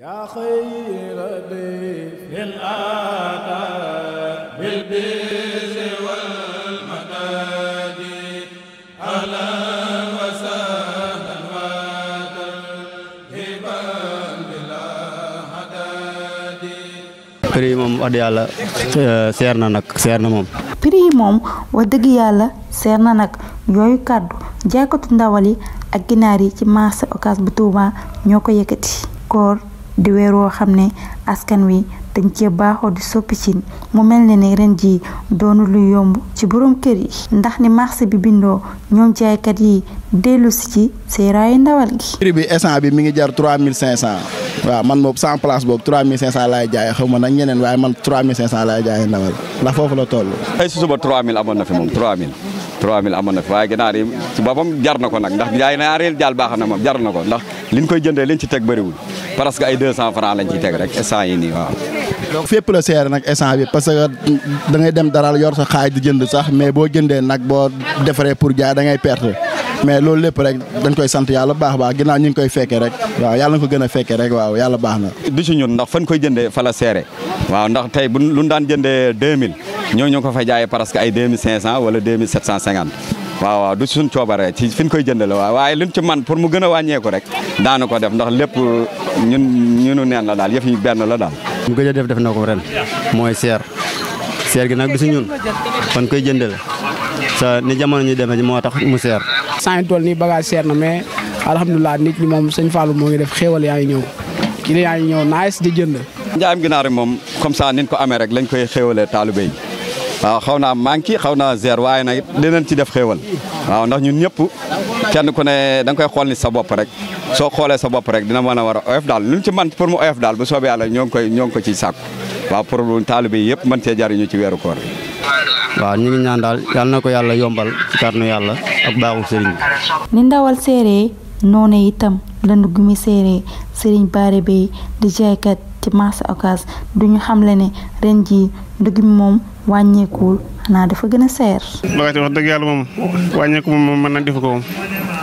yaa xayra dayfin ataa bil birri wal madaadi ahlan wa sahlan wa wax dëgg yàlla seer na nag seer na moom kàddu jaaykatu ndawal yi ak ginaar yi ci marché Ocass bu Touba ñoo ko yëkkati koor di weer woo xam ne askan wi te cee baaxoo di soppi cin mu mel ne ne ren jii doonu lu yomb ci borom kër ndax ni marché bi bindoo ñoom jaaykat yi dellu si ci seeraayu ndawal mi ngi jar trois mille cinq cent laay jaay xaw ma ñeneen waaye man trois mille cinq cent laay jaayee ndawal ndax foofu la toll. ay su suba trois mille amoon na fi moom trois mille. amoon na fi waaye ginaar yi ko nag ndax yaay naa réel baax na moom jar na ko ndax liñ koy jëndee liñ ci teg bëriwul parce que ay 200 francs lañ ci teg rek instant yi i waaw. donc fépp la seer nag instant bi parce que da ngay dem dara yor sa xaaj di jënd sax mais boo jëndee nag boo defaree pour jaay da ngay perte mais loolu lépp rek dañ koy sant yàlla baax baax ginnaaw ñu ngi koy fekkee rek waaw yàlla na ko gën a fekkee rek waaw yàlla baax na. du ci ñun ndax fan koy jënde fa la seere waaw ndax tey bu lu daan jëndee 2000 ñoo ñu ko fa jaayee parce que ay 2500 wala 2750. waaw waaw du suñ coobare ci fi ñu koy jënd la waaw waaye liñ ci man pour mu gën a wàññeeku rek daanu ko def ndax lépp ñun ñunu neen la daal yëf yi benn la daal mu gëj a def def na ko ren mooy seer seer gi nag du si ñun kon koy jënd la sa ni jamono ñu demee moo tax mu seer sant tool nii na mais alhamdulilah nit ñi moom sëñ Fallou moo ngi def xéewal yaa ngi ñëw kii yaa ngi ñëw nice di jënd njaayam ginaar yi moom comme ça niñ ko amee rek lañ koy xéewalee taalibe yi waaw xaw naa manqué xaw naa zéro waaye nag dinañ ci def xéewal waaw ndax ñun ñëpp kenn ku ne da nga koy xool ni sa bopp rek soo xoolee sa bopp rek dina mën a war a oyof daal luñ ci man pour mu oyof daal bu soobee yàlla ñoo ngi koy ñoo ngi ko ciy sàkku waaw pour taalibe yi yëpp mën cee jariñu ci weeru koor waaw ñu ngi ñaan daal yal ko yàlla yombal ci kàttanu yàlla ak baaxu sëriñ bi ni ndawal séerée noonu itam la ndugg sëriñ baare bay di jaaykat ci marché Ocass duñu xamle ne ren jii ndugg moom wàññeekuwul xanaa dafa gën a seer. bagage wax dëgg yàlla moom wàññeeku moom mën na defu ko moom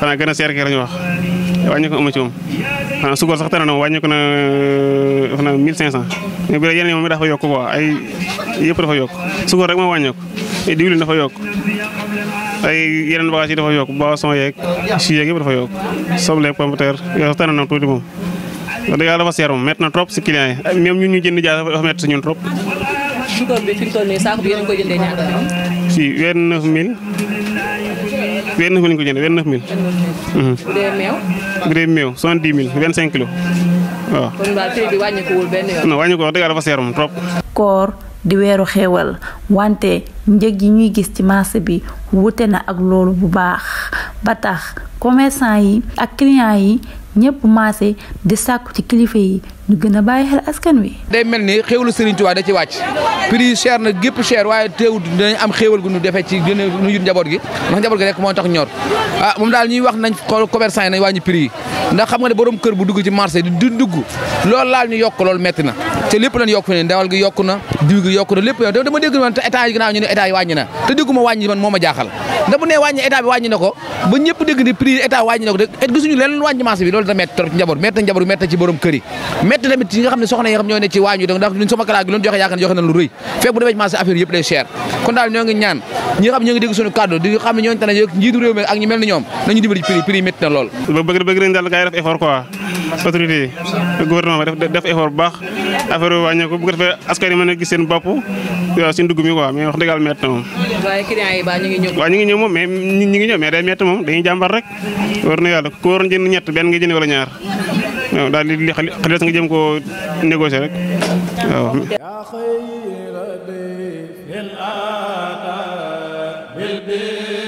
xanaa gën a seer kii la wax wàññeeku amu ci moom xanaa suukar sax tane na wàññeeku na def euh, na 1500 mais bi la dafa yokk ko ay yëpp dafa yokk suukar rek moo wàññeeku diwlin dafa yokk. ay yeneen bagage yi dafa yokk boisson yeeg jus yeeg yëpp dafa yokk soble pomme de terre yooyu sax na tuuti moom. wax dëgg yàlla dafa seer na trop si client ñu jënd jaay dafa métti si ñun trop. suukar bi fi mu toll nii saako bi yéen a ngi koy jëndee ñaata la. si ko seer moom trop. koor di weeru xewal wante njëg yi ñuy gis ci marché bi wute na ak loolu bu baax ba tax commerçant yi ak client yi. ñëpp maase di sàkku ci kilifa yi ñu gën a bàyyi xel askan wi. day mel ni xéewalu Serigne Touba da ci wàcc prix chair na gépp cher waaye teewut dinañ am xéewal gu ñu defee ci gën a nu yut njaboot gi ndax njaboot gi rek moo tax ñor ah moom daal ñuy wax nañ xool commerçant yi nañ wàññi prix yi ndax xam nga ne borom kër bu dugg ci marché di dugg loolu laal ñu yokk loolu metti na. te lépp lan yokk diw gi yokku na lépp yow dama dégg man te état yi ginnaaw ñu ne état yi wàññi na te dégguma man moo ma jaaxal ndax bu nee wàññi na ko ba ñëpp dégg ni prix état na ci njaboot metti na na ci borom nga xam ne soxna yi xam ñoo ne ci waañ yi donc ndax ñun sama gi lu ñu joxe yaakaar na lu rëy fekk bu demee ci marché affaire yëpp day cher kon daal ñoo ngi ñaan ñi xam ñoo ngi dégg suñu kàddu di xam ne ñooñu tane ñu mel ni ñoom nañu dimbali autorité yi gouvernement bi def effort bu baax affaire bi wàññeeku bu ko defee askan yi mën a gis seen bopp waaw si ndugg mi quoi mais wax dëgg yàlla métti na moom. waaye client yi baax ñu ngi ñëw. waaw ñu ngi ñëw moom mais ñu ngi ñëw mais day métti moom dañuy jàmbar rek war na yàlla ku waroon jënd ñett benn nga jënd wala ñaar waaw daal li xalis nga jëm koo négocier rek waaw. bil